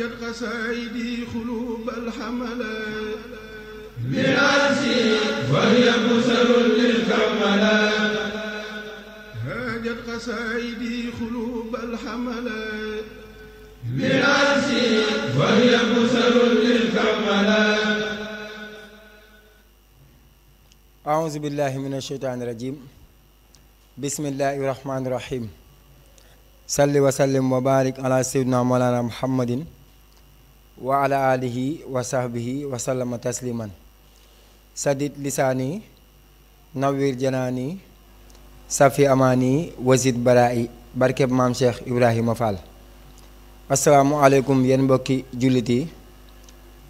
أرجت قصائدي قلوب الحملات براسي وهي بسر للحملات هاجت قصائدي قلوب الحملات براسي وهي بسر للحملات أعوذ بالله من الشيطان الرجيم بسم الله الرحمن الرحيم صل وسلم وبارك على سيدنا مولانا محمد wa ala alihi wa sahbihi wa sallama tasliman sadit lisaani nawwir janaani safi amaani wasid baraa'i barkeb maam Cheikh Ibrahima Fall asalaamualeykum yéen mbokki jullit yi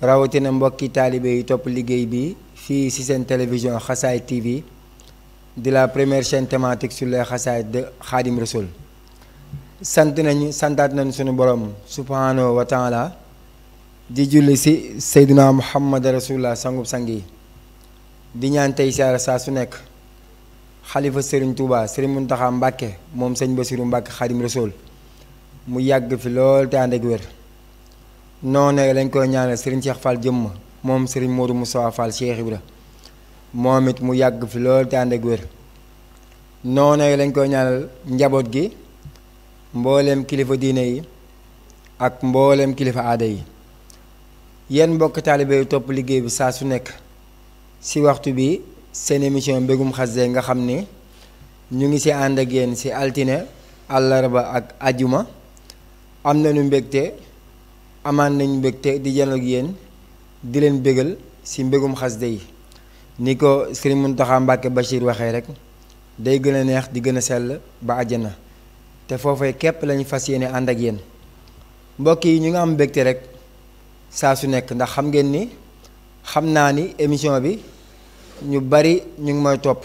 rawatina mbokki taalibe yi topp liggéey bi fii ci seen télévision Khassayid TV di la première chaîne thématique sur les de Khadim Rasoul sant nañu santaat nañu sunu borom subhaanahu wa di julli si Seydina Muhammad rasulullah sangub sang yi di ñaan tey saa su nekk xalifa sëriñ Touba sëriñ Muntaxa Mbàkke moom sëñ Basiru Mbàkke Xadim Rasul mu yàgg fi lool te ànd ak wér noonu lañ koy ñaanal moom sëriñ Modou Moussa Fall Cheikh mu yàgg fi lool te ànd lañ koy ñaanal njaboot gi mbooleem kilifa diine yi ak mbooleem kilifa aada yi yéen mbokk taalibe yu topp liggéey bi saa su nekk si waxtu bi seen émission mbégum xasida nga xam ni ñu ngi ci ànd ak yéen ci altine àllarba ak ajuma am nañu mbégte amaan nañ mbégte di janoog yéen di leen bégal si mbégum xasde yi ni ko Sëriñ Muntaxa Mbàkke Bachir waxee rek day gën a neex di gën a sell ba àjjana te foofee képp lañu fas yéene ànd ak yéen mbokk yi ñu ngi am mbégte rek saa su nekk ndax xam ngeen ni xam naa ni émission bi ñu bari ñu ngi may topp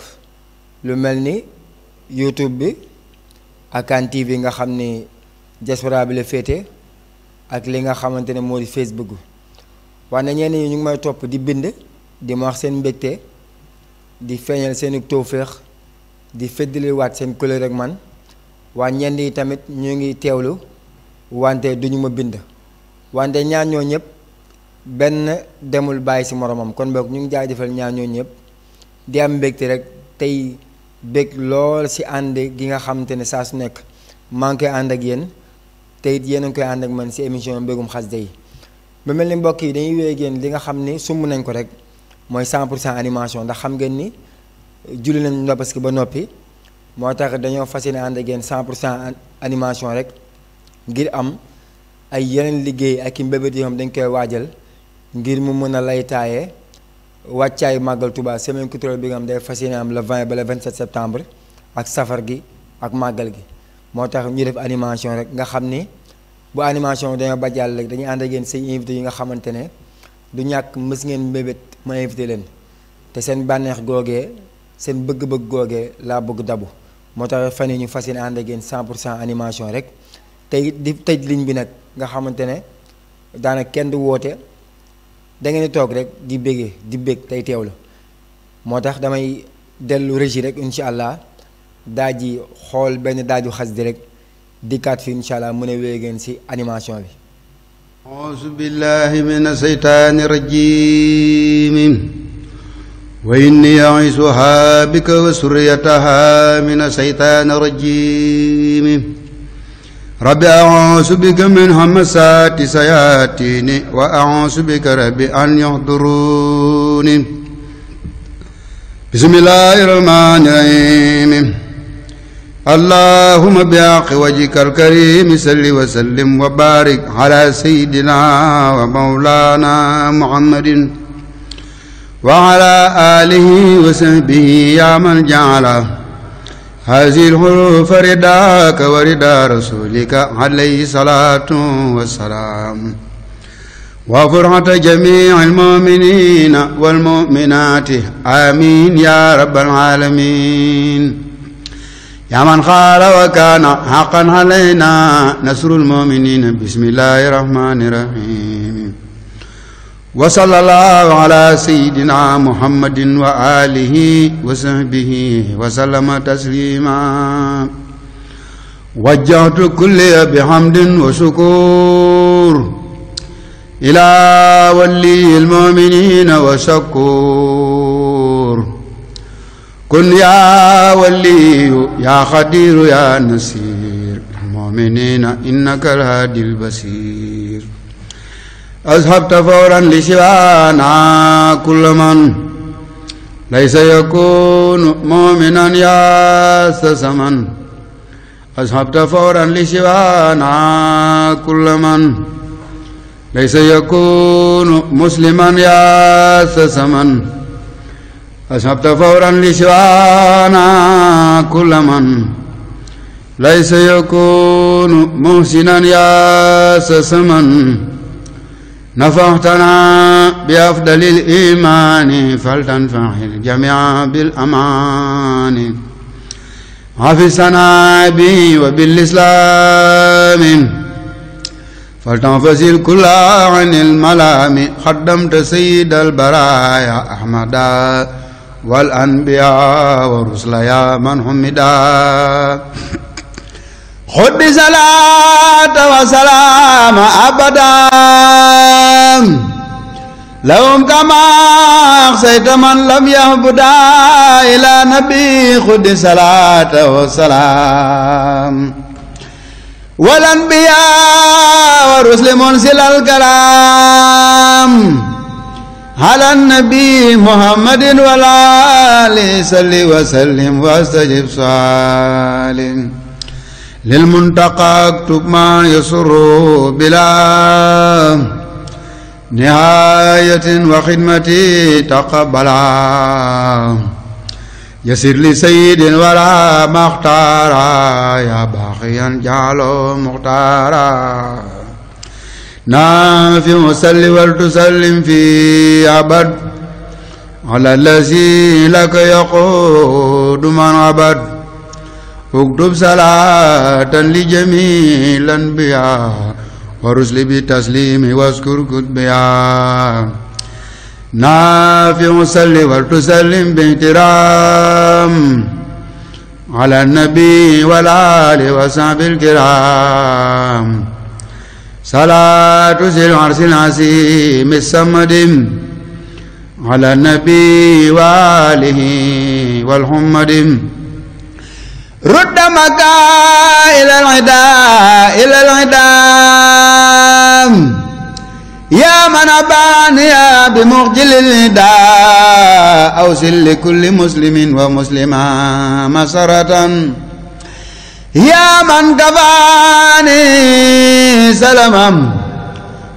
lu mel ni YouTube bi ak Hann TV nga xam ni diaspora bi la féete ak li nga xamante ne moo di Facebook wax na ñenn ñi ñu ngi may topp di bind di ma wax seen mbégte di feeñal seeni tawféex di feddaliwaat seen couleur ak man waa ñenn yi tamit ñu ngi teewlu wante duñu ma bind wante ñaar ñoo ñëpp benn demul bàyyi ci moromam kon boog ñu ngi jaajëfal ñaar ñooñu ñëpp di am mbégte rek tey bég lool ci ànd gi nga xamante ne saa su nekk maa ngi koy ànd ak yéen te it yéen a ngi koy ànd ak man ci émission mbégum xasida yi ba mel ni mbokk yi dañuy génn li nga xam ni sumb nañ ko rek mooy 100 cent animation ndax xam ngeen ni julli nañ la parce que ba noppi moo tax dañoo fas yéene ànd ak yéen cent animation rek ngir am ay yeneen liggéey ak i mbébét yoo xam dañ koy waajal. ngir mu mën a laytaaye wàccaay màggal tubaa semaine culturelle bi nga xam day fas yéene am le 20 ba le ak safar gi ak màggal gi moo tax ñu def animation rek nga xam ni bu animation dañoo ba dañuy ànd ak yéen seen invité yi nga xamante ne du ñàkk mbës ngeen mbébét ma invité leen te seen bànneex googee seen bëgg-bëgg googee laa bëgg dabu moo tax fan yi ñu fas yéene ànd ak yéen 100 pour cent animation rek tey di tëj ligne bi nag nga xamante ne daanaka kenn du woote. da toog rek di bégee di bég tey teewlu moo tax damay dellu régie rek incha allah daa ji xool benn daaju xas di rek dikkaat fi incha allah mën a wéy ngeen si animation bi. auzu billahi mina seytaani rajiim. wa inni a'iizuhaa bika rajiim. rabbi a'uuzu bika min hamasaati sayaatiini wa a'uuzu bika rabbi an yahduruuni bismillaahi rahmaani rahiim allahumma bihaqqi wajhika al-kariim salli wa sallim wa baarik alaa sayyidinaa wa mawlaanaa muhammadin wa alaa aalihi wa sahbihi yaa man ja'ala هذه الحروف رداك وردى رسولك عليه الصلاة والسلام وفرحة جميع المؤمنين والمؤمنات آمين يا رب العالمين يا من قال وكان حقا علينا نصر المؤمنين بسم الله الرحمن الرحيم wa sallallahu ala sayidina muhammadin wa alihi wa sahbihi wa sallama taslima wajjahtu kulliya bihamdin wa shukur ila waliyi almuminina wa shakur kun ya waliyu ya xadiru ya nasir almuminina innaka alhadi albasir أذهبت فورا لسوانا كل من ليس يكون مؤمنا يا سسما أذهبت فورا لسوانا كل من ليس يكون مسلما يا سسما أذهبت فورا لسوانا كل من ليس يكون محسنا يا سسما nafaxtana bi afdalil imaani faltanfaxil jamia bil amaani xafisana bi wa bil islaami faltanfasil kulla anil malaami xaddamta sayyidal baraaya ahmada wal anbiya wa rusla ya man humida xud bi salaata wa salaama abadan lahum kama axsayta man lam yahbuda ila nabi xud bi salaata wa salaam wal anbiya wa rusli munsilal kalaam ala nabi muhammadin wa ali salli wa sallim wa astajib salim lil muntaqa aktub ma yasuru bila nihayatin wa xidmati taqabala yasir li sayidin wala maxtaara ya baxiyan jaalo muxtaara naam fi musalli wal tusallim fi abad ala lazi laka yaqudu man abad uktub salaatan li jamiil anbiyaa wa rusli bi tasliimi waskur kutbiyaa naafiu salli wal tusallim bi ihtiraam ala nabi wal aali wa sahbil kiraam salaatu sil arsil asiimi samadim ala nabi wa aalihi wal hummadim رد مكا إلى العداء إلى العدام يا من أباني بمغجل النداء أوصل لكل مسلم ومسلمة مسرة يا من كفاني سلما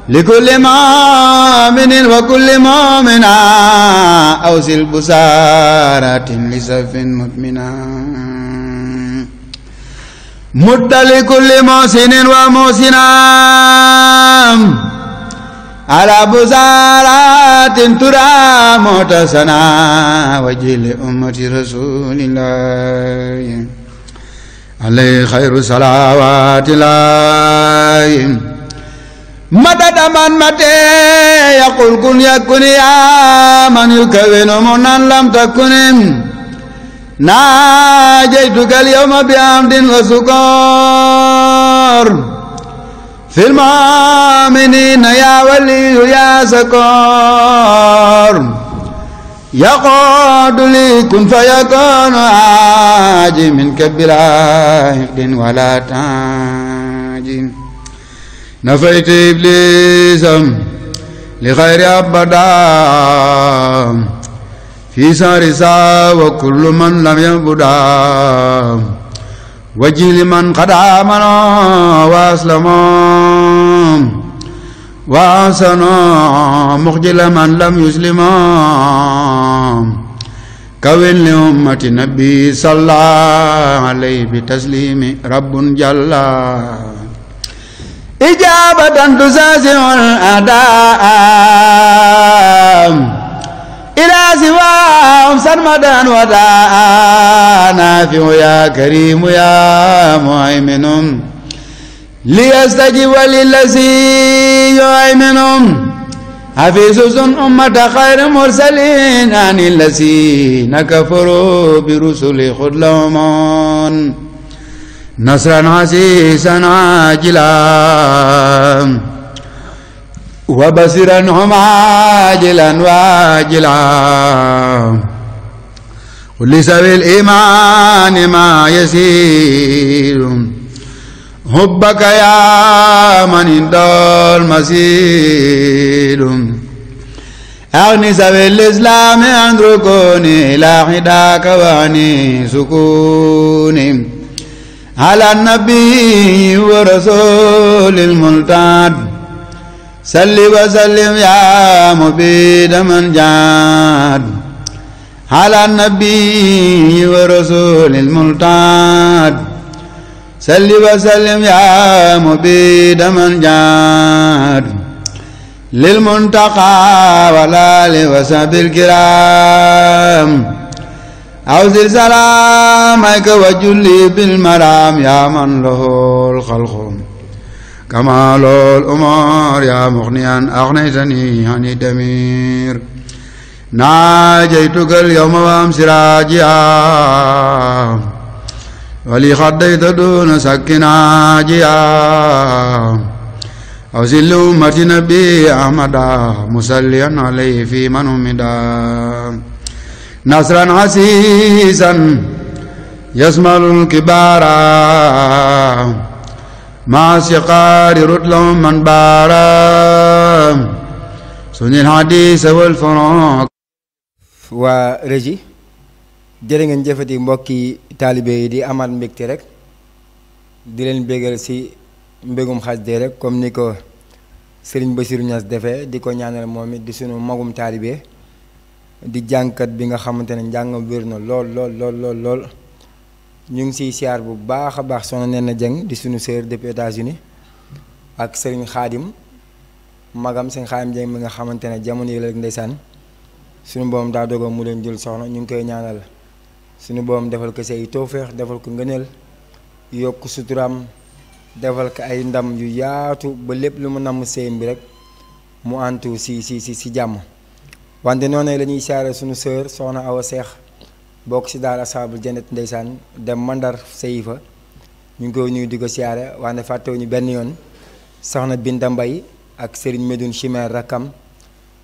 لكل مؤمن وكل مؤمنة أوصل بسارة لسف مؤمنا مد لكل محسن ومحسنا على بزارات ترى متسنا وجه لأمة رسول الله عليه خير صلوات الله مدد من متى يقول كن يكن يا من يكون منا لم تكن ناجيتك اليوم بعمد وسكر في المؤمنين يا ولي يا سكر يقعد لي كن فيكون عاجي منك بلا حقد ولا تاج نفيت إبليس لخير أبدا fiisa risa wa kullu man lam yabuda wa jili man qad amana wa aslama wa asana muxjila man lam yuslima kawin li ummati nabi salla alayhi bi taslimi rabbun jalla ijabatan tusasiul adaa إلى سواهم سرمدا وداء نافع يا كريم يا مهيمن ليستجب للذي يؤمنهم حفيظ أمة خير مرسلين عن الذين كفروا برسل خذ لهم نصرا عزيزا عاجلا wa basiran hum ajilan wajilan li sawi limaani ma yasiru hubbaka ya man indal masiru أغني سبيل الإسلام عن ركوني لا حداك وعني سكوني على النبي ورسول الملتان salli wa sallim yaa mubiida man jaad ala nabii wa rasulil multaad salli wa sallim yaa mubiida man jaad lil muntaqaa wal aali wa sahbil kiraam awsil salaamaka wa julli bil maraam yaa man lahul xalqu كما لو الأمور يا مغنيا أغنيتني عن الدمير ناجيتك اليوم وأمس راجعا ولي خديت دون سك ناجيا أوزل أمة نبي أحمد مسليا عليه في من همدا نصرا عسيسا يسمع الكبارا مع سقار man لهم من بارا سن الحديث والفراق waa régi jërë ngeen mbokki taalibe yi di amaat mbégte rek di leen bégal si mbégum xasida rek comme ni ko sëriñ Bassirou Niass defee di ko ñaanal moom it di sunu magum taalibe di jàngkat bi nga xamante ne njàngam wér na lool lool lool lool lool ñu ngi siy siyaar bu baax a baax soxna Nena Dieng di suñu sœur depuis États-Unis ak sëriñ xaadim magam sëriñ xaadim Dieng mi nga xamante ne jamono yi la rek ndeysaan suñu boom daa dogoon mu leen jël soxna ñu ngi koy ñaanal suñu boom defal ko say toofeex defal ko ngëneel yokk suturaam defal ko ay ndam yu yaatu ba lépp lu ma namm seen bi rek mu antu si si si si jàmm wante noonu la ñuy siyaare suñu sœur soxna Awa bokk si daal asaabul jannet ndeysaan dem mandar sëyi fa ñu ngi ko nuyu di ko siyaare wax ne fàttewuñu benn yoon soxna Binta Mbay ak sëriñ Medoune Chimère rakkam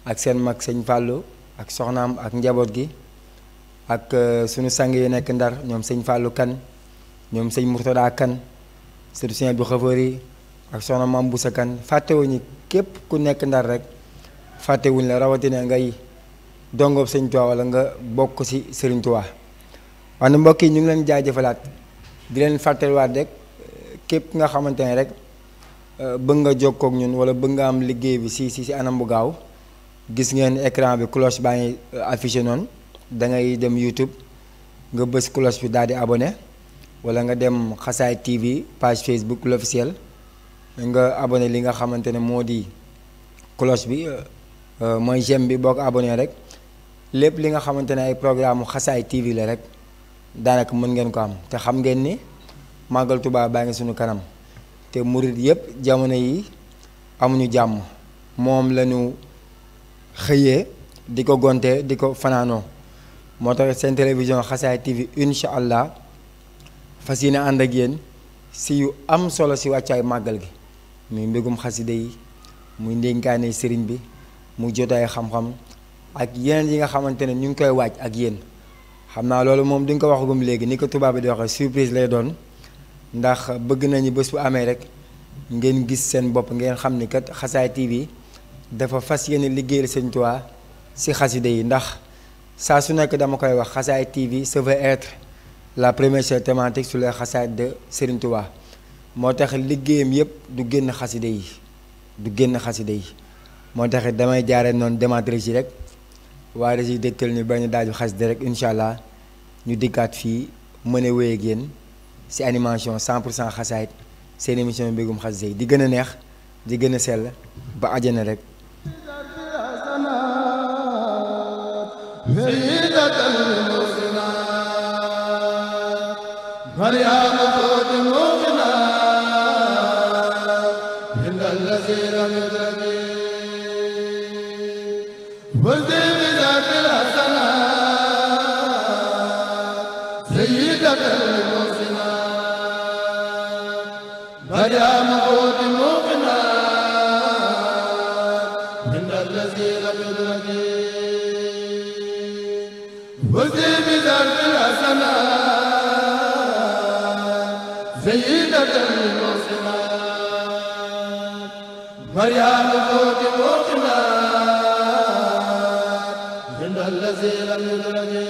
ak seen mag sëñ Fallou ak soxnaam ak njaboot gi ak euh, sunu sang yi nekk ndar ñoom sëñ Fallou kan ñoom sëñ Mourtada kan sëriñ sëñ bu xëfër ak soxna Mame Boussa kan fàttewuñu képp ku nekk ndar rek fàttewuñ la rawatina ngay dongoob sëñ Tuubaa wala nga bokk ci Sëriñ Tuubaa wax ne mbokk yi ñu ngi leen jëfalaat di leen fàttaliwaat rek képp nga xamante ne rek euh, bëgg nga jokkook ñun wala bëgg nga am liggéey bi ci ci ci anam bu gaaw gis ngeen ecran bi cloche baa ngi euh, affiché noon da ngay dem YouTube nga bës cloche bi daal di abonné wala nga dem Xasaay TV page Facebook l'officiel nga abonné li nga xamante ne moo di cloche bi euh, mooy j'aime bi boo ko abonné rek lépp li nga xamante ne ay programme xasaay TV la rek daanaka mën ngeen ko am te xam ngeen ni màggal Tuubaa baa ngi suñu kanam te murit yépp jamono yi amuñu jàmm moom lañu xëyee di ko gonte di ko fanaanoo moo tax seen télévision xasaay TV incha allah fas yéene ànd ak yéen si yu am solo si wàccaay màggal gi muy mbégum xasida yi muy ndénkaane sëriñ bi mu jotaay xam-xam ak yeneen yi nga xamante ne ñu ngi koy waaj ak yéen xam naa loolu moom duñ ko waxagum léegi ni ko tubaab bi di waxee surprise lay doon ndax bëgg nañu bés bu amee rek ngeen gis seen bopp ngeen xam ni kat xasaay TV dafa fas yéene liggéeyal Sëñ si xaside yi ndax saa su nekk dama koy wax xasaay TV ça veut la première chaîne thématique sur les xasaayid de Sëriñ moo tax liggéeyam yépp du génn xaside yi du génn xaside yi moo tax damay jaare noonu dématrice yi rek waaye si dégtal ñu bañ daaju xas de rek incha allah ñu dikkaat fii mën a wéy ak si animation 100 cent xasaayit seen émission mbégum xas di gën a neex di gën a sell ba àjjana rek. الذي لم يدرج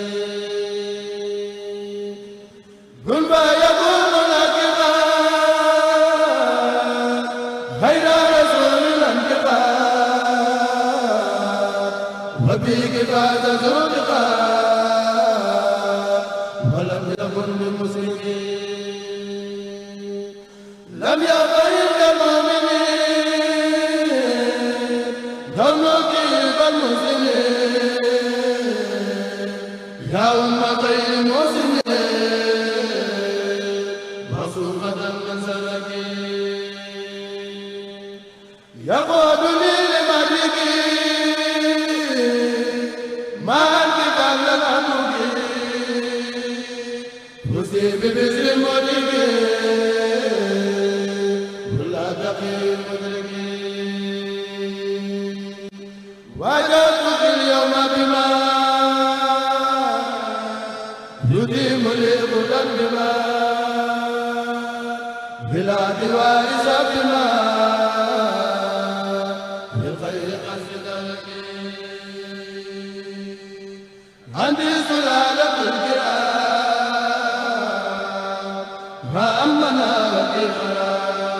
ما أمنا والإقرار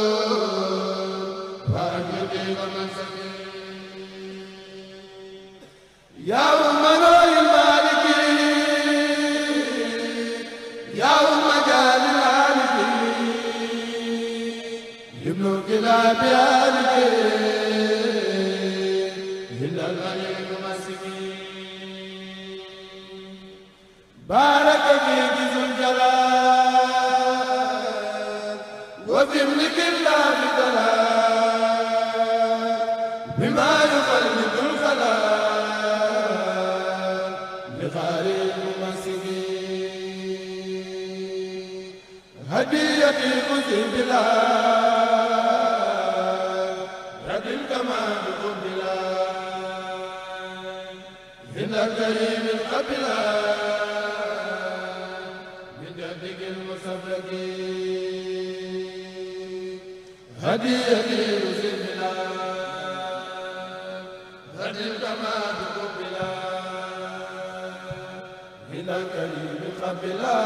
bila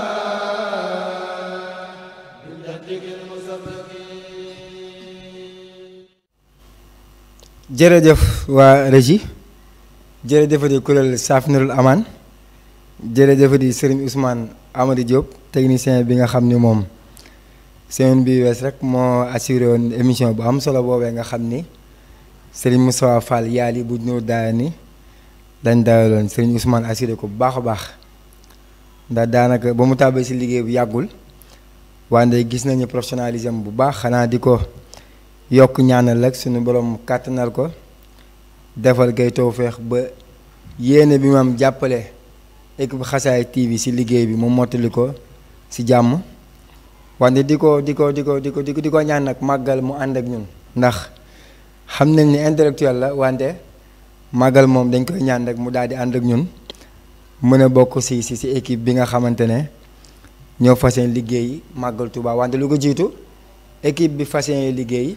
jërëjëf waa régie jërëjëfati kuréel Safinatoul Aman jërëjëfati Serigne Ousmane Amady Diop technicien bi nga xam ni moom semaine bi wees rek moo assuré woon émission bu am solo boobee nga xam ni Serigne Moussa Fall yi bu ñu daaya ni dañ daayaloon Serigne Ousmane assuré ko bu baax a baax ndax daanaka ba mu tàbbee si liggéey bu yàggul wante gis nañu professionnalisme bu baax xanaa di ko. yokk ñaanal rek suñu borom kàttanal ko defal gay tawféex ba yéene bi maam jàppale équipe Xasaay TV si liggéey bi mu mottali ko si jàmm wante di ko di ko di ko di ko di ko ñaan nag màggal mu ànd ak ñun ndax xam nañ ni intellectuel la wante màggal moom dañ koy ñaan rek mu daal di ànd ak ñun mën a bokk si si si équipe bi nga xamante ne ñoo fas yéene liggéey màggal Tuubaa wante lu ko jiitu équipe bi fas yéene liggéey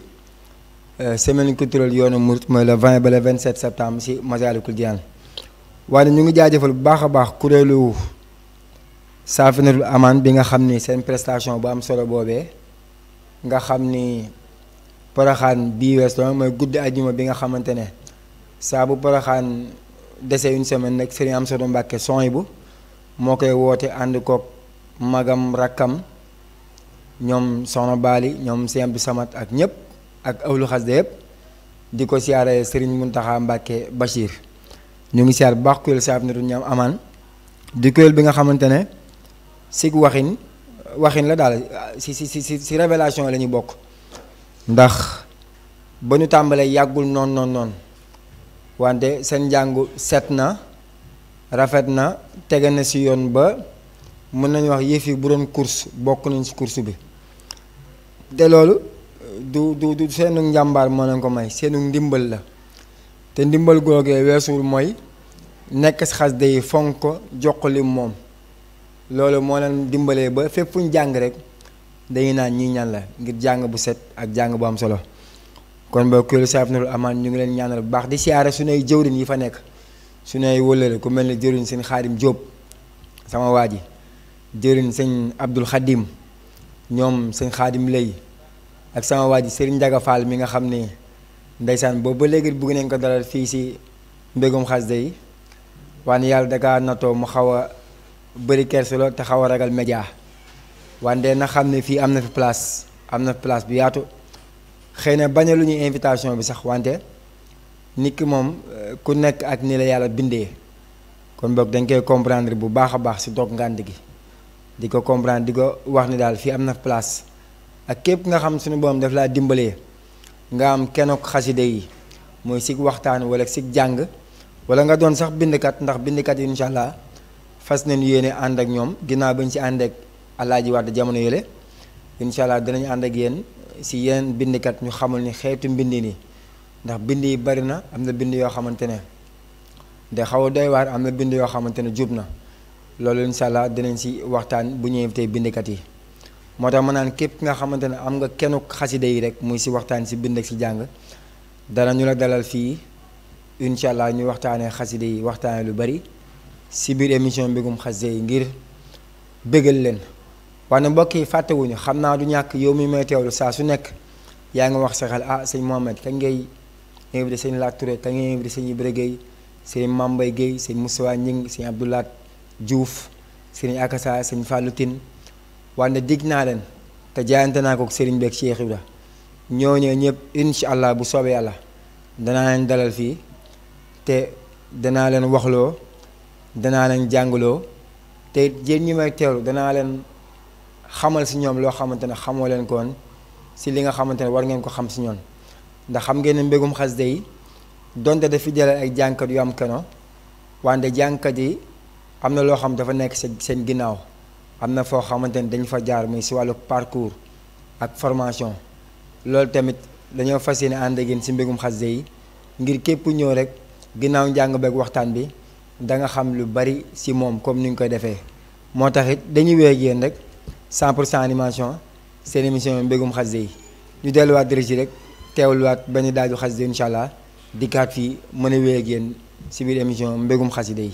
Euh, semaine culturelle yoonu Mouride mooy le 20 ba le 27 septembre si Massalikul Jinaan waaye ñu ngi jaajëfal bu baax a baax kuréelu Saafinatul Amaan bi nga xam ni seen prestation bu am solo boobee nga xam ni Porokhane bii weesu mooy guddi ajuma bi nga xamante ne saa bu Porokhane dese une semaine nag Serigne Amsatou Mbacke sony bu moo koy woote ànd koog magam rakkam ñoom Soxna Baali ñoom Sëñ Abdou Samad ak ñëpp. ak awlu xasida yëpp di ko siyaare mun taxa Mbacké Bachir ñu ngi siyaar bu baax kuréel Safinatoul Niam Aman di kuréel bi nga xamante ne sig waxin waxin la daal si si si révélation la ñu bokk ndax ba ñu tàmbalee yàggul noon noon noon wante seen njàngu set na rafet na tege na ci yoon ba mën nañu wax yëf yi bu doon course bokk nañ si course bi te loolu du du du seenu njàmbaar moo leen ko may seenu ndimbal la te ndimbal googee weesuwul mooy nekk si day fonk ko jox li moom loolu moo leen dimbalee ba fépp fu ñu jàng rek dañuy naan ñii ñan la ngir jàng bu set ak jàng bu am solo kon ba na Safinatul Amaan ñu ngi leen ñaanal bu baax di siyaare suñuy jëwriñ yi fa nekk su suñuy wëllële ku mel ni jëwriñ seen Xaadim Jóob sama waa ji jëwriñ sëñ Abdul Xadim ñoom sëñ Xaadim lay ak sama waa ji Serigne Ndiaga Fall mi nga xam ni ndeysaan boobu ba léegi bugg nañ ko daral fii si mbégum xasida yi waaye yàlla dakaa natoo mu xaw a bëri kerse te xaw a ragal média wante na xam ne fii am na fi place am na fi place bu yaatu xëy na bañ lu ñuy invitation bi sax wante nit ki moom euh, ku nekk ak ni la yàlla bindee kon boog dañ koy comprendre bu baax a baax si dog ngànd gi di ko comprendre di ko wax ni daal fii am na place ak képp nga xam suñu borom daf laa dimbalee nga am kenok xaside yi mooy sig waxtaan wala sig jàng wala nga doon sax bindkat ndax bindkat yi incha allah fas nañu yéene ànd ak ñoom ginnaaw bañ si ànd ak alaaji Wàdd jamono yële incha allah dinañ ànd ak yéen si yeneen bindkat ñu xamul ni xeetu mbind nii ndax bind yi bari na am na bind yoo xamante ne de xaw a doy waar am na bind yoo xamante ne jub na loolu incha allah dinañ si waxtaan bu ñu invité bindkat yi. moo tax ma naan képp nga xamante ne am nga kenn xasida yi rek muy si waxtaan si bind ak si jàng dana ñu la dalal fii incha allah ñu waxtaanee xasida yi waxtaanee lu bari si biir émission mbégum xasida yi ngir bégal leen wane mbokk yi fàttewuñu xam naa du ñàkk yow mi may teewlu saa su nekk yaa ngi wax sa xel ah sëñ Mohamed kañ ngay invité sëñ Lat Touré kañ ngay invité sëñ Ibra Gueye seen Mambay Gueye sëñ Moussa Ñing sëñ Abdoulaat Diouf sëñ Akassa sëñ Fallou wante digg naa leen te jaayante naa ko Serigne bi la ñoo ñooñu ñëpp incha allah bu soobee yàlla danaa leen dalal fii te danaa leen waxloo danaa leen jàngaloo te it yéen may teewlu danaa leen xamal si ñoom loo xamante ne xamoo leen koon si li nga xamante ne war ngeen ko xam si ñoon ndax xam ngeen ne mbégum xasida yi donte fi dalal ay jànkat yu am keno wante jànkat yi am na loo xam dafa nekk seen ginnaaw. am na foo xamante ni dañ fa jaar muy si wàllu parcours ak formation loolu tamit dañoo fas yéene ànd ak yéen si mbégum xasida yi ngir képp ñëw rek ginnaaw njàng beeg waxtaan bi da nga xam lu bari si moom comme ni ñu koy defee moo tax it dañuy wéy ak yéen rek 100 pour cent animation seen émission mbégum xasida yi ñu delluwaat dirigi rek teewluwaat benn daaju xasida yi incha allah dikkaat fii mën a wéy ak yéen si biir émission mbégum xasida yi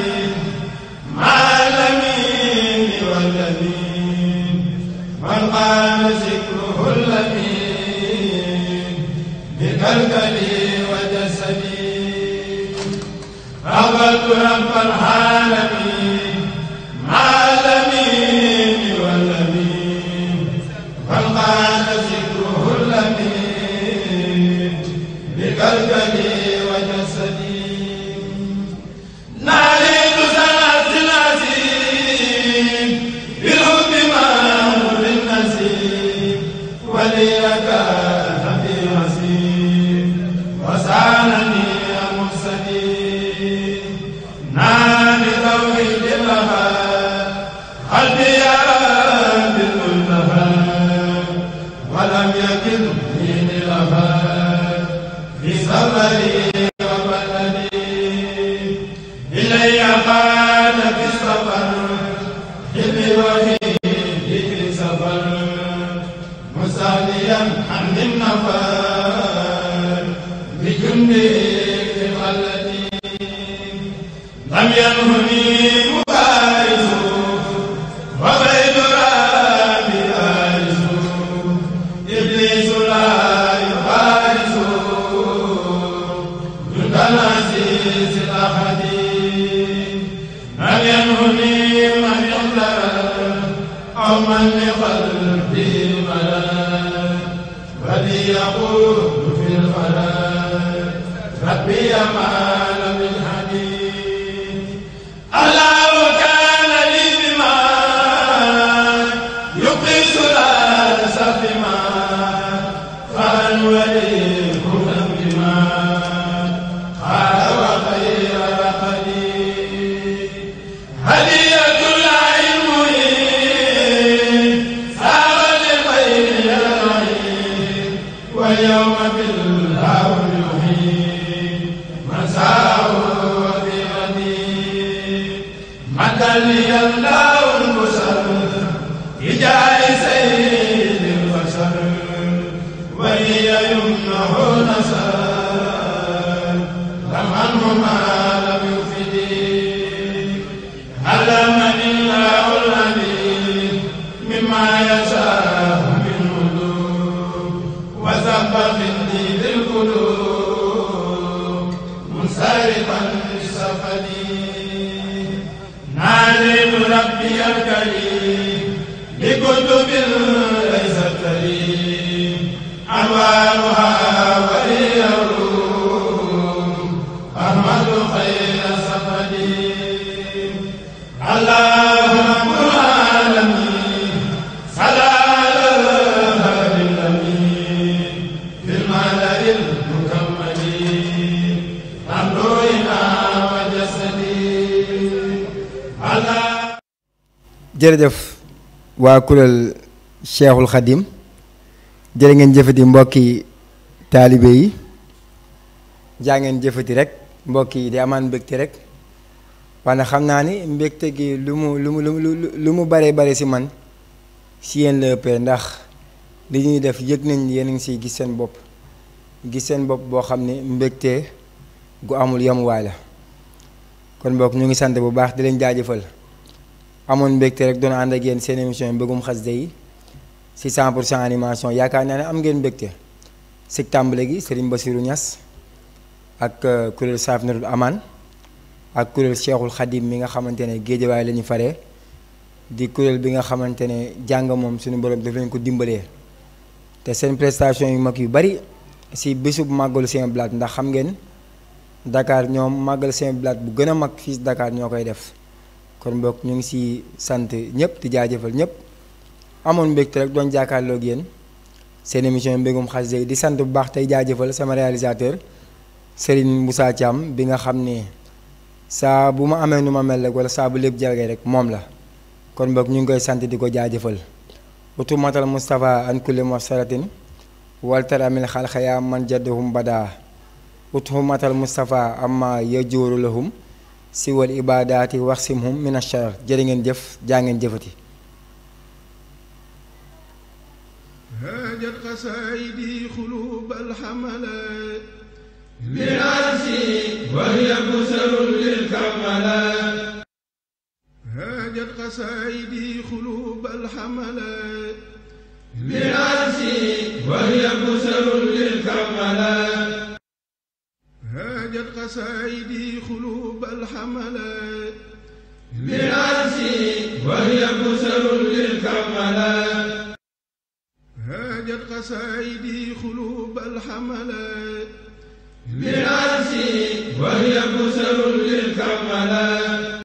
ذنبا حالا amali wa ربي الكريم بكتب jërëjëf waa kuréel Cheikhul jër jërë ngeen jëfati mbokki taalibe yi jàngeen jëfati rek mbokk yi di amaan mbégte rek wana xam naa ni mbégte gi lu mu lu mu lu mu bare bare si man si yéen la ëppee ndax li ñuy def yëg nañ yéen a ngi siy gis seen bopp gis seen bopp boo xam ne mbégte gu amul yamuwaay la kon mbokk ñu ngi sant bu baax di leen jaajëfal amoon mbégte rek doon ànd ak yéen seen émission mbëggum xas yi si 100 pour cent animation yaakaar naa ne am ngeen mbégte si tàmbale gi Serigne Bassirou Niass ak euh, kuréel Safinatul amaan ak kuréel Cheikhul Khadim mi nga xamante ne géejawaay la ñu faree di kuréel bi nga xamante ne jàng moom suñu borom daf leen ko dimbalee te seen prestation yu mag yu bari si bésub màggalu Saint-Blaat ndax xam ngeen dakaar ñoom màggal Saint-Blaat bu gën a mag fii Dakar ñoo koy def kon mbokk ñu ngi si sant ñëpp di jaajëfal ñëpp amoon mbégte rek doon jàkkaarloo ak yéen seen émission mbégum xasida yi di sant bu baax tey jëfal sama réalisateur Serigne Moussa Thiam bi nga xam ni saa bu ma amee nu ma mel rek wala saa bu lépp jargee rek moom la kon mbokk ñu ngi koy sant di ko jaajëfal utumatal Moustapha an kulli mafsaratin waltar amil xalxaya man jaddahum badaa utumatal Moustapha amma yajuuru lahum si wal ibaadaati wax simhum min achar jërë ngeen jëf jaa ngeen jëfati hajat xasaayidi xulub alxamalat min ansi wa hiya busarun lil kamalat hajat xasaayidi xulub alxamalat min ansi wa hiya busarun lil kamalat أشرقت قصائدي قلوب الحملات براسي وهي بسر للكملات هاجت قصائدي قلوب الحملات براسي